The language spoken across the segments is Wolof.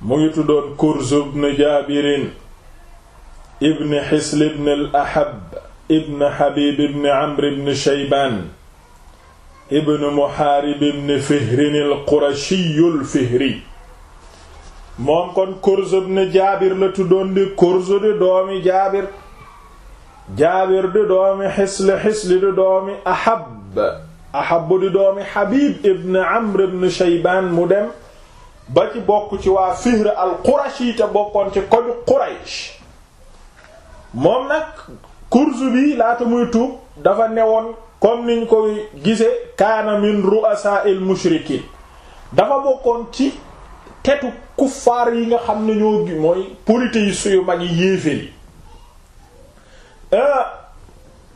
mu ngi tuddoon Kurz ibn Jaabirin ibn Amr ibn Shaybaan ibn Muhaarib ibn Fihrin al-Qurashi al-Fihri moom kon Kurz ibn Jaabir la tuddoon di Kurz di doomi Jaabir Jaabir di doomi Hisl Hisl di doomi Ahab Ahab di doomi Habib ibn Amr ibn Shaybaan mu dem ba ci bokk ci waa Fihr al-Qurashi te bokkoon ci koju Quraysh moom nag Kurzubi laata muy tuub dafa newoon kon niñ koy gise kaana min ru'asa'il mushrikiin dafa bokkoon ci tetu kuffaar yi nga xam ne ñoo gi mooy polythéistes yu mag yi yéeféli euh,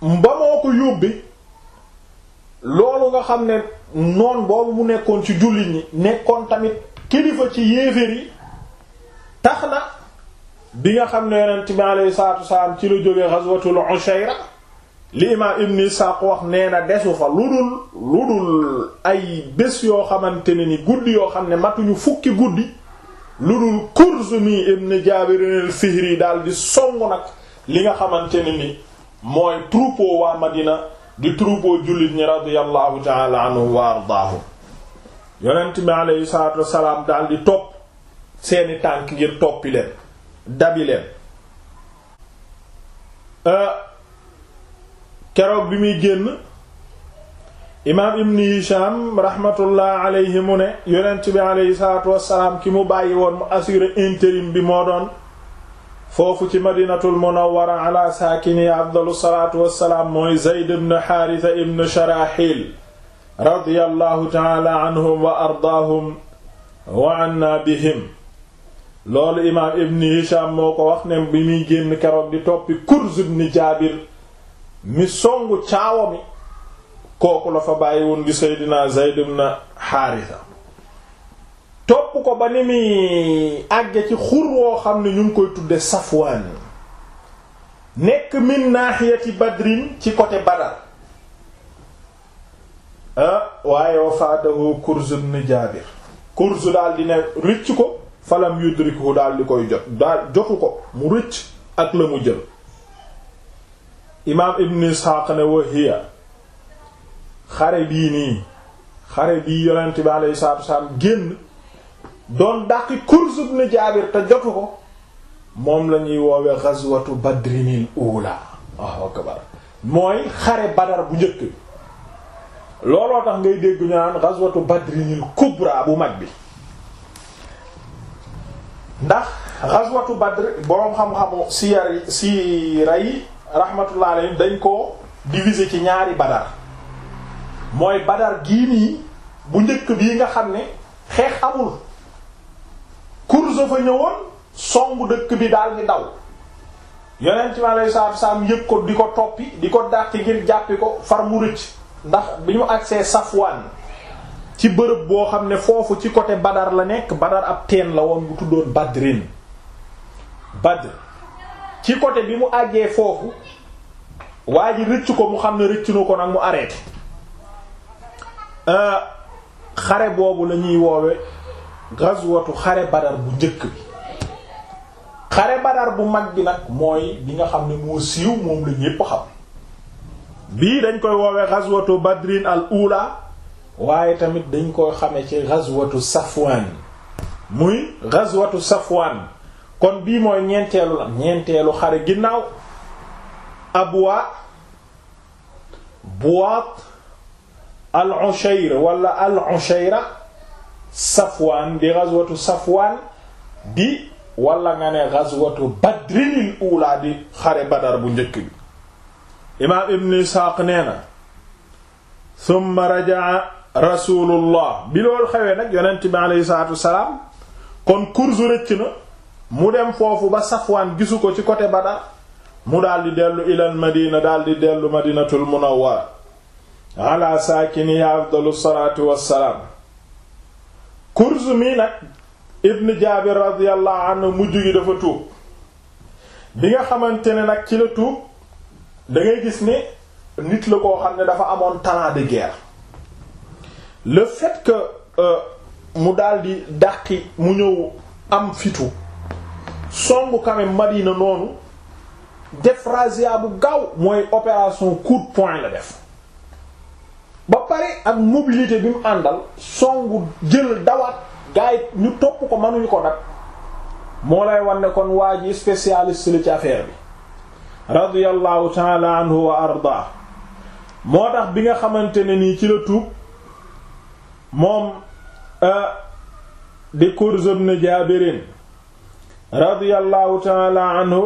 ba moo ko yóbbi loolu nga xam ne noon boobu mu nekkoon ci jullit ñi nekkoon tamit kilifa ci yéeféer tax na bi nga xam ne yonent bi alayhi salaatu wasalaam ci lu jóge ghazwatul Ushayra li imaam Ibn Isaaq wax nee na desu fa lu dul ay bés yoo xamante ne ni guddi yoo xam ne matuñu fukki guddi lu dul Kurzumi ibn Jaabir al-Fihri daal di songu nag li nga xamante ne ni mooy troupeau waa Madina di troupeau jullit ñi radiyallahu ta'ala anhu wa ardaahu yonent bi aleyhi salaatu wasalaam daal di topp seeni tànk ngir toppi leen dabi leen euh, keroog bi muy génn imaam ibn hisham rahmatullah mu ne yonent bi aleyhi salaatu wasalaam ki mu bàyyi woon mu assuré intérim bi moo doon foofu ci madinatul munawwara ala saakini afdalu salaatu wasalaam mooy zayd ibn xaarisa ibn sharaxil radiyallahu taala anhum wa ardaahum wa anna bihim loolu imaam ibn hisham moo ko wax ne bi muy génn keroog di toppi kurz ibn jaabir mi songu caawa mi kooku la fa bàyyi seydina zayd ibn topp ko ba ni muy àgge ci xur woo xam ne ñu ngi koy tudde safwaan nekk min naaxiyati badrin ci côté badar Ah, waaye wa faatahu Kurz ibn Jaabir Kurz daal di ne rëcc ko falam yudrikhu daal di koy jot daal jotu ko mu rëcc ak la mu jël imaam Ibn Isxaaq ne wa xare bii nii xare bii yonent bi alayhi salaatu wassalaam génn doon dàqi Kurz ibn Jaabir te jotu ko moom la woowe ghazwatu Badrinil uula mooy xare Badar bu njëkk looloo tax ngay dégg ñu naan ghazwatu badrinil kubra bu mag bi ndax ghazwatu badr boroom xam-xamu si yi siira yi rahmatullah alayhi dañ ko diviser ci ñaari badar mooy badar gii nii bu njëkk bii nga xam ne xeex amul course fa ñëwoon song dëkk bi daal di daw yonent mi alayhi salaatu salaam yëg ko di ko toppi di ko dàq ngir jàppi ko far mu rëcc ndax bi ñu agsee Safwaan ci bërëb boo xam ne foofu ci côté Badar la nekk Badar ab teen la woon bu tuddoon Badrin Badr ci côté bi mu àggee foofu waa ji rëcc ko mu xam ne rëcc ko nag mu arrêté euh, xare boobu la ñuy woowe gazwatu xare Badar bu njëkk bi xare Badar bu mag bi nag mooy bi nga xam ne moo siiw moom la ñépp xam bii dañ koy woowee ghazwatu badrin al ula waaye tamit dañ koy xamee ci ghazwatu safwaan muy ghazwatu safwaan kon bii mooy ñeenteelu ñeenteelu xare ginnaaw abwa buwaat al ushayr wala al ushayra safwaan di ghazwatu safwaan di wala nga ne ghazwatu badrinil ula di xare badar bu njëkk bi imaam ibn isxaaq nee na summa rajaa rasulullah bi loolu xewee nag yonent bi aleyhi salaatu kon kursu rëcc na mu dem foofu ba safwaan gisu ko ci côté badar mu daldi dellu ilal madina daldi dellu madinatul munawwara ala saakiniha afdalu salaatu wassalaam kursu mi nag ibn jaabir radiyallahu anhu mujj gi dafa tuub bi nga xamante ne nag ci la tuub da ngay gis ni nit la koo xam ne dafa amoon talent de guerre le fait que euh, mu daldi dàqi mu ñëw am fitu songu quand même Madina noonu def razzia bu gaaw mooy opération coup point la def ba pare ak mobilité bi mu àndal songu jël dawat gars yi ñu topp ko mënuñu ko nag moo lay wan ne kon waa ji spécialiste la ci affaire bi radiyallahu taala anhu wa arda moo tax bi nga xamante ne nii ci la tuub moom euh, di Kurz ibn Jaabirin radiyallahu taala anhu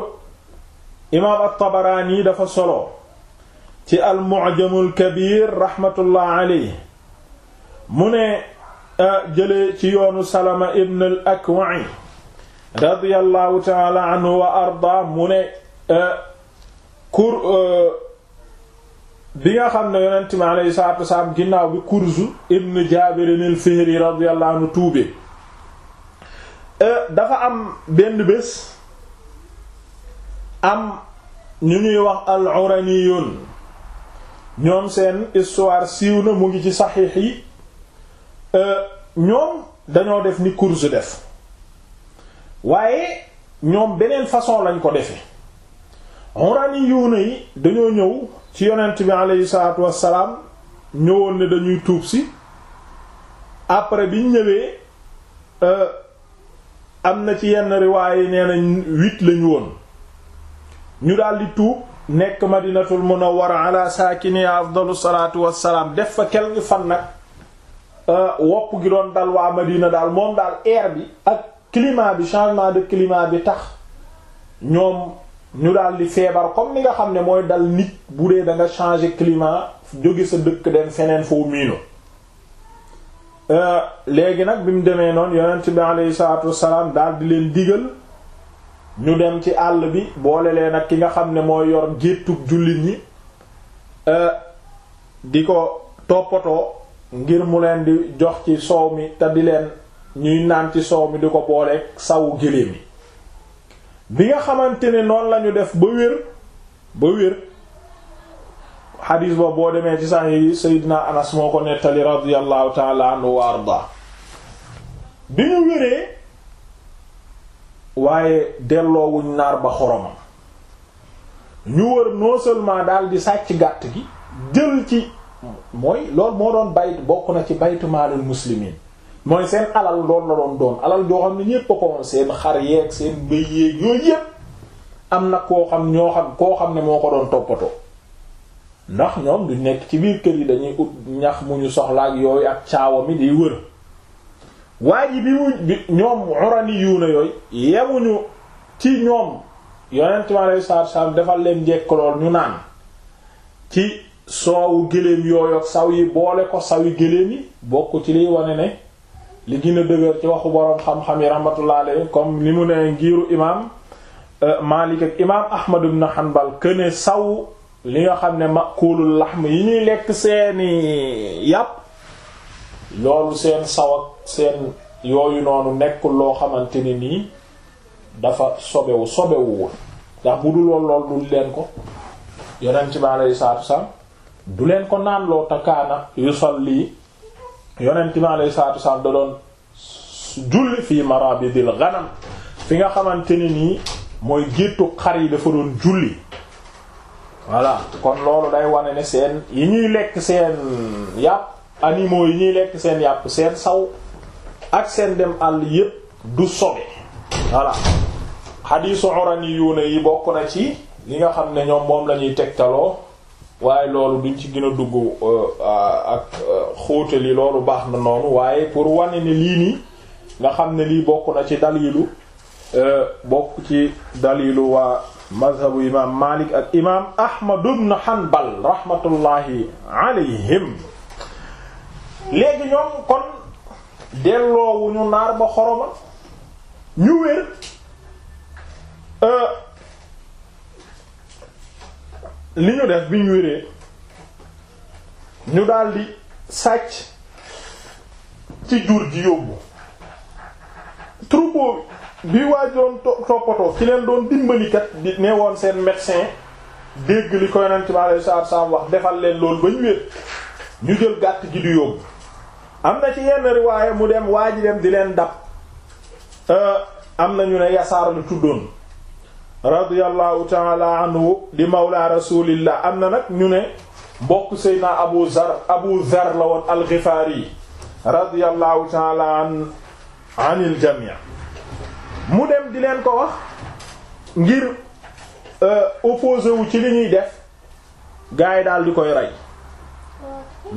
imaam at-Tabaraani dafa solo ci al-Mu'jamul Kabiir rahmatullah alayhi mu ne euh, jëlee ci yoonu Salama ibn al-Akwa'i radiyallahu taala anhu wa arda mu ne euh, kur euh, bi nga xam ne yonent mi alayhi salaatu wasalaam ginnaaw bi kurzu ibn Jaabir al-Fihri radiyallahu anhu tuube euh, dafa am benn bés am ñu ñuy wax al-Uraniyun ñoom seen histoire siiw na mu ngi ci saxiix yi euh, ñoom dañoo def ni kurzu def waaye ñoom beneen façon lañ ko defee urani yuuna yi dañoo ñëw ci yonent bi aleyhi salaatu wassalaam ñëwoon ne dañuy tuub si après biñ ñëwee euh, am na ci yenn riwaay yi nee nañ huit lañu woon ñu daldi tuub nekk madinatul munawwara ala saakini afdalu salaatu wassalaam def fa quelque fan nag euh, wopp gi doon dal waa madina daal moom daal air bi ak climat bi changement de climat bi tax ñoom ñu daal di feebar comme ni nga xam ne mooy dal nit bu dee da changer climat jóge sa dëkk dem feneen foo miino euh, léegi nag bi mu demee noonu yonent bi aleyhi salaatu wassalaam daal di leen digal ñu dem ci àll bi boole leen ak ki nga xam ne mooy yor géttug jullit ñi euh, di ko toppatoo ngir mu leen di jox ci soow mi te di leen ñuy naan ci soow mi di ko booleeg sawu géléem yi bi nga xamante ne noonu lañu def ba wér ba wér xadiis ba boo demee ci sax yi Seydina Anas moo ko nettali radiyallahu taala wa arda bi ñu wéree waaye delloowuñ naar ba xoromam ñu wër non seulement daal di sàcc gàtt gi jël ci mooy lool moo doon bayt bokk na ci baytu maalul mooy seen alal loolu la doon doon alal doo xam ne ñépp ko woon seen xar yeeg seen bëy yeeg yooyu yépp am na koo xam ñoo xam koo xam ne moo ko doon toppatoo ndax ñoom du nekk ci biir kër yi dañuy ut ñax mu ñu soxla yooyu ak caawa mi di wër waaye bi mu bi ñoom urani ci ñoom yonent mi alayhi salaatu defal leen njekk lool ñu naan ci soowu gëléem yooyu ak saw yi boole ko sawi gëléem yi bokk ci liy wane ne li gën dëgër ci waxu boroom xam-xam yi rahmatullah alayhi comme li mu ne ngiiru imaam euh, Maalik ak imaam Ahmad ibn Hanbal këne saw li nga xam ne ma makulul laxm yi ñuy lekk seeni yàpp loolu seen saw ak seen yooyu noonu nekkul loo xamante ni nii dafa sobewu sobewuwul ndax bu dul woon lool dul leen ko yonent bi alayhi salaatu wa salaam du leen ko naan loo takaana yusalli yonent mi alayhi salaatu wasalaam da doon julli fii marabidil ghanam fi nga xamante ne nii mooy géttu xar yi dafa doon julli voilà kon loolu day wane ne seen yi ñuy lekk seen yàpp animaux yi ñuy lekk seen yàpp seen saw ak seen dem àll yépp du sobe voilà xadiisu urani yuuna yi bokk na ci li nga xam ne ñoom moom la ñuy tegtaloo waaye loolu duñ ci gën a dugg euh, ak euh, xóotal yi loolu baax na noonu waaye pour wane ne lii nii nga xam ne lii bokk na ci dalilu euh, bokk ci dalilu waa mazhabu imam Malik ak imam Ahmad ibn Hanbal rahmatullahi alayhim léegi ñoom kon delloowuñu naar ba xoroma ñu wér li ñu def bi ñu wéree ñu daldi sàcc ci jur ji yóbbu troupeau bi waajoon toppatoo ci leen doon dimbalikat di ne woon seen médecin dégg li ko yonent bi alayhi salaatu salaam wax defal leen loolu ba ñu wér ñu jël gàtt gi di yóbbu am na ci yenn waaye mu dem waa ji dem di leen dab euh, am na ñu ne yasaar lu tuddoon radiyallahu taala anhu di mawla rasulillah am na nag ñu ne mbokk seydna abu zar abu zar la woon alxifaari radiyallahu taala anil jamii mu dem di leen ko wax ngir euh, opposé ci li ñuy def gars yi daal di koy rey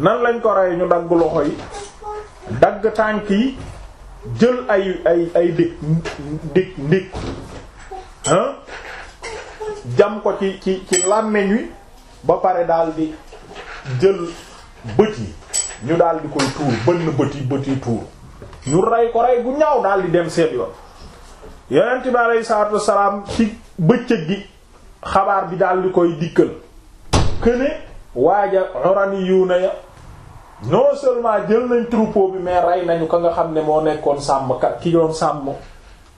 nan lañ ko rey ñu dagg loxo yi dagg tànk yi jël ay ay ay dég dég ndég jam ko ci ci ci wi ba pare daal di jël bët yi ñu daal di koy tuur bënn bët yi bët yi tuur ñu rey ko rey gu ñaw daal di dem seen yoon yonent bi aleyhi salaatu wasalaam ci bëccëg gi xabaar bi daal di koy dikkal këne waaja orani yu na ya non seulement jël nañ troupeau bi mais rey nañu ka nga xam ne moo nekkoon sàmmkat ki doon sàmm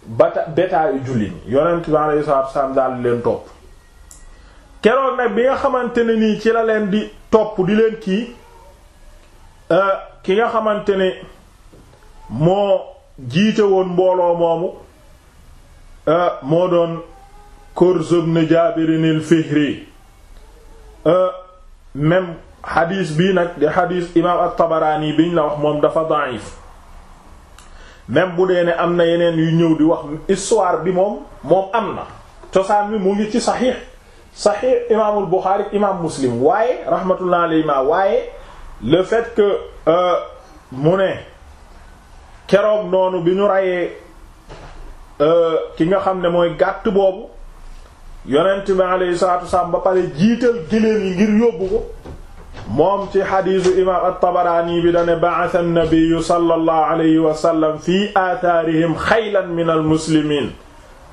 bata betaayu jullit ñi yonent bi alayhi salaatu wasalaam daal leen topp keroog nag bi nga xamante ne nii ci la leen di topp di leen kii euh, ki nga xamante ne moo jiite woon mbooloo moomu euh, moo doon Kurz ibn Jaabir al-Fihri euh, même xadiis bii nag di xadiis imaam at-Tabaraani biñ la wax moom dafa da'if même bu dee ne am na yeneen yu ñëw di wax histoire bi moom moom am na cosaan bi mu ngi ci saxiix saxiix imaamul Buxaari imaam Muslim waaye rahmatullah alayhi ma waaye le fait que euh, mu ne keroog noonu bi ñu rayee euh, ki nga xam ne mooy gàtt boobu yonent bi alayhi salaatu wasallam ba pare jiital giléem yi ngir yóbbu ko moom ci xadiisu imaam at-Tabaraani bi dane ba'atha an-nabiyyu sallallahu alayhi wa sallam fii aathaarihim xaylan min al-muslimiin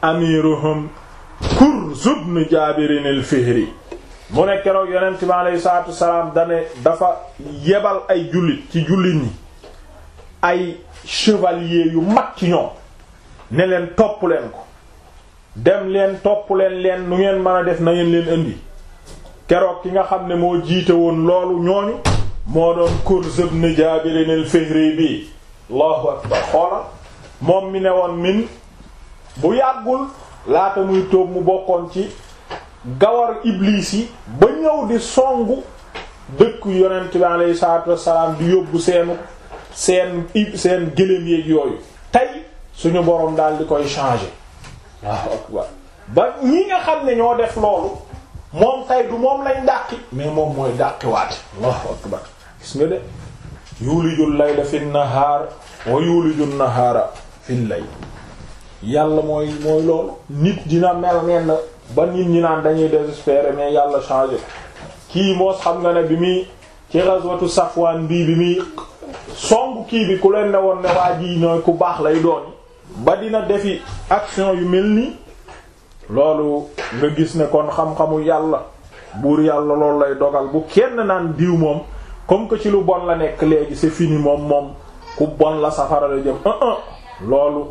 amiiruhum Kurz ibn Jaabirin al-Fihri mu ne keroog yonent bi alayhi salaatu wasalaam dafa yebal ay jullit ci jullit ñi ay chevalier yu mag ci ñoom ne leen topp leen ko dem leen topp leen leen nu ngeen mën a def na ngeen leen indi keroog ki nga xam ne moo jiite woon loolu ñooñu moo doon Kurz ibn Jaabir al-Fihri bi allahu akbar xoolal moom mi ne woon min bu yàggul laata muy toog mu bokkoon ci gawar iblis yi ba ñëw di songu dëkk yonent bi alayhi salaatu wassalaam di yóbbu seenu seen seen gëléem yéeg yooyu tey suñu boroom daal di koy changer waaw ba ñi nga xam ne ñoo def loolu moom tay du moom lañ dàqi mais moom mooy dàqiwaate allahu akbar gis nga de yuulijul layla fi nahaar wa yuulijul nahaara fil layl yàlla mooy mooy loolu nit dina mel nenn ba nit ñi naan dañuy désespérer mais yàlla changé kii moos xam nga ne bi muy ci ghazwatu Safwan bii bi muy songu kii bi ku leen ne woon ne waa nooy ku baax lay doon ba dina defi action yu mel nii loolu nga gis ne kon xam-xamu yàlla buur yàlla loolu lay dogal bu kenn naan diw moom comme que ci lu bon la nekk léegi c'est fini moom moom ku bon la safara la jëm ah ah loolu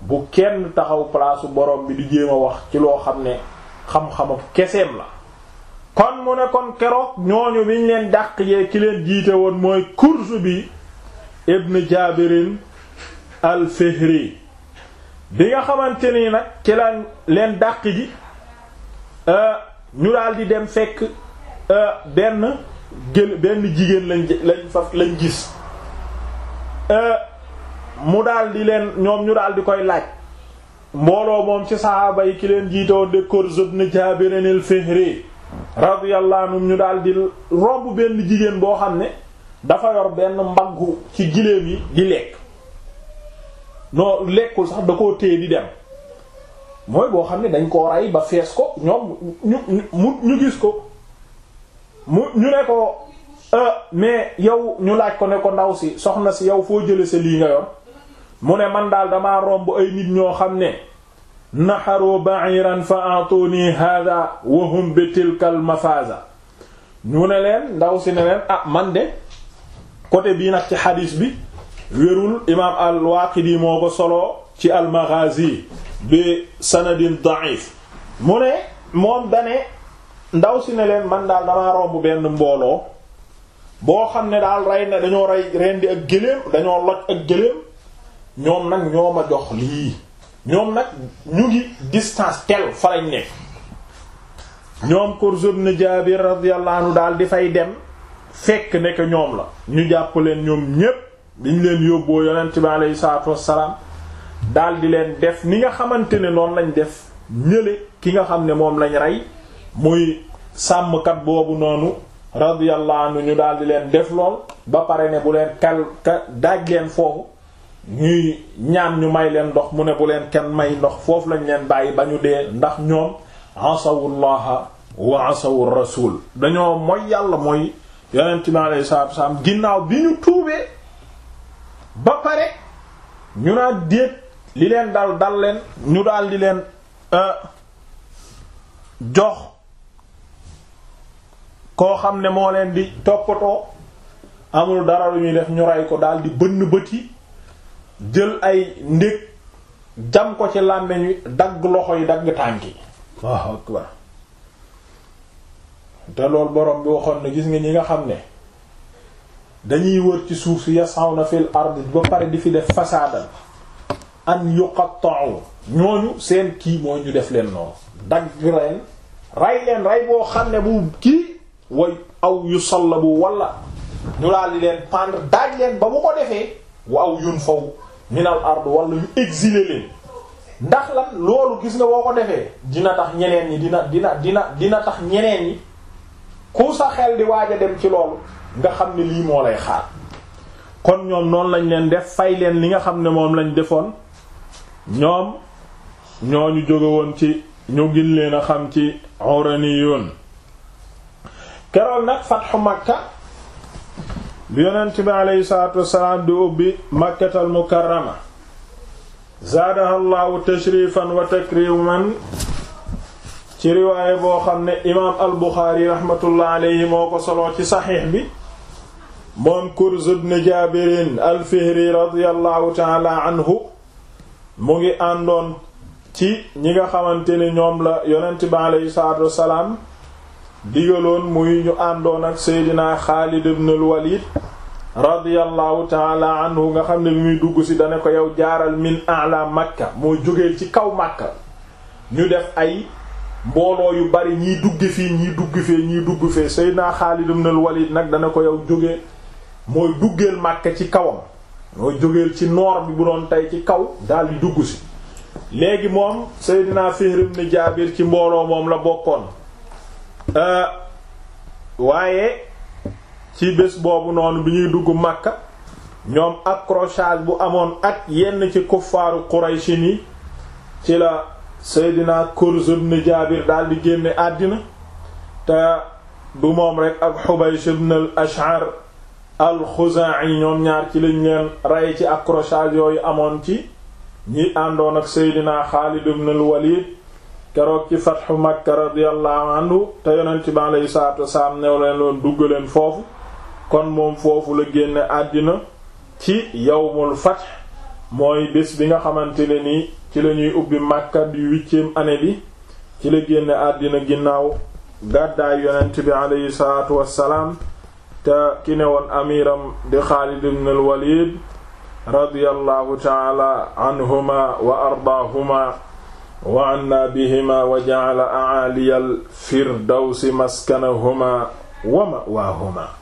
bu kenn taxaw place borom bi di jéem a wax ci loo xam ne xam-xamu keseem la. kon mu ne kon keroog ñooñu biñ leen dàq yee ki leen jiite woon mooy kursu bi Ibn Jaabirin al-Fihri. bi nga xamante ni nag ci la leen dàq ji euh, ñu daal di dem fekk euh, benn gël benn jigéen lañ lañ fa lañ gis euh, mu dal di leen ñoom ñu daal di koy laaj mbooloo moom ci saxaaba yi ki leen jiitoo de Kurz ibn Jaabir al-Fihri radiyallahu anhu ñu daal di romb benn jigéen boo xam ne dafa yor benn mbaggu ci giléem yi di lekk non lekkul sax da koo téye di dem mooy boo xam ne dañ koo rey ba fees ko ñoom ñu mu ñu gis ko mu ñu ne ko euh, mais yow ñu laaj ko ne ko ndaw si soxna si yow foo jële sa lii nga yor mu ne man daal dama romb ay nit ñoo xam ne naxaru ba'iran fa atuni hadha wa hum bi tilka ñu ne leen ndaw si ne leen ah man de côté bii nag ci xadiis bi wérul imaam al-Waaqidi moo ko soloo ci al-Maghaazi bi sanadin da'if mu ne moom dane ndaw si ne leen man daal damaa romb benn mbooloo boo xam ne daal rey na dañoo rey rendi ak gëléem dañoo loj ak gëléem ñoom nag ñoo ma jox lii ñoom nag ñu ngi distance tel fa lañ nekk ñoom Kurz ibn Jaabir radiyallahu anhu daal di fay dem fekk ne ñoom la ñu jàpp leen ñoom ñépp biñ leen yóbboo yonent bi aleyhi salaatu wassalaam daal di leen def ni nga xamante ne noonu lañ def ñële ki nga xam ne moom lañ rey muy sàmmkat boobu noonu radiyallahu anhu ñu daal di leen def lool ba pare ne bu leen kal ka foofu ñuy ñaan ñu may leen ndox mu ne leen kenn may ndox foofu lañ leen bàyyi ba ñu dee ndax ñoom asawullaha wa asawu rasul dañoo mooy yàlla mooy yonent bi aleyhi salaatu wassalaam ginnaaw bi ñu tuubee ba pare ñu naan déet li leen dal dal leen ñu daal di leen euh, jox koo xam ne moo leen di toppatoo amul dara lu ñuy def ñu rey ko daal di bënn bët yi jël ay ndég jam ko ci làmmiñ wi dagg loxo yi dagg tànk te lool borom bi waxoon na gis nga ñi nga xam ne dañuy wër ci suuf si yasawna fil ard ba pare di fi def fasaadan an yuqatta'u ñooñu seen kii mooy ñu def leen noonu dagg leen rey leen rey boo xam ne bu kii way aw yusallabu wala ñu laal di leen pendre daaj leen ba bu ko defee wa aw yunfaw minal ard walla ñu exiler leen ndax lan loolu gis nga boo ko defee dina tax ñeneen yi dina dina dina dina tax ñeneen yi ku sa xel di waaj dem ci loolu nga xam ne lii moo lay xaar kon ñoom noon lañ leen def fay leen li nga xam ne moom lañu defoon ñoom ñoo jóge jógewoon ci ñu gin leen a xam ci Uraniyun keroog nag fatxu Makka bi yonent bi aleyhi salaatu wassalaam di ubbi Makkatal Mukarrama zaadaha llaahu tashrifan wa takriman ci riwaaye boo xam ne imaam al Buxaari rahmatullah aleyhi moo ko soloo ci saxiix bi moom Kurz ibn Jaabirin al-Fihri radiyallahu taala anhu mu ngi àndoon ci ñi nga xamante ne ñoom la yonent bi aleyhi salaatu wassalaam digaloon muy ñu àndoon ak Seydina Xaalid ibn al-Walid radiyallahu taala anhu nga xam ne bi muy dugg ci dana ko yow jaaral min a'la Makka moo jógee ci kaw Makka ñu def ay mbooloo yu bari ñiy dugg fii ñiy dugg fii ñiy dugg fee Seydina Xaalid ibn al-Walid nag dana ko yow jóge mooy duggeel Makka ci kawam mooy jógeel ci noor bi bu doon tey ci kaw daal di dugg si léegi moom Seydina Fihr ibn Jaabir ci mbooloo moom la bokkoon euh, waaye ci bés boobu noonu bi ñuy dugg Makka ñoom accrochage bu amoon ak yenn ci kuffaaru Quraysh ni ci la Seydina Kurz ibn Jaabir daal di génne àddina te du moom rek ak Hubaysh ibn al-Ash'ar alxuzaa'i ñoom ñaar ci lañ leen rey ci accrochage yooyu amoon ci ñi àndoon ak seydina xaalid ibn al walid keroog ci fatxu makka radiyallahu anhu te yonent bi aleyhi salaatu wasalaam new leen loon duggaleen foofu kon moom foofu la génne àddina ci yawmul fatx mooy bés bi nga xamante ne ni ci la ñuy ubbi makka du huitième année bi ci la génne àddina ginnaaw gàddaay yonent bi aleyhi salaatu wasalaam te ki ne woon amiram di Xaalid ibn al Walid radiyallahu taala anhuma wa ardaahuma wa anna bihima wa ja'ala a'aliyal firdawsi maskanahuma wa ma'waahuma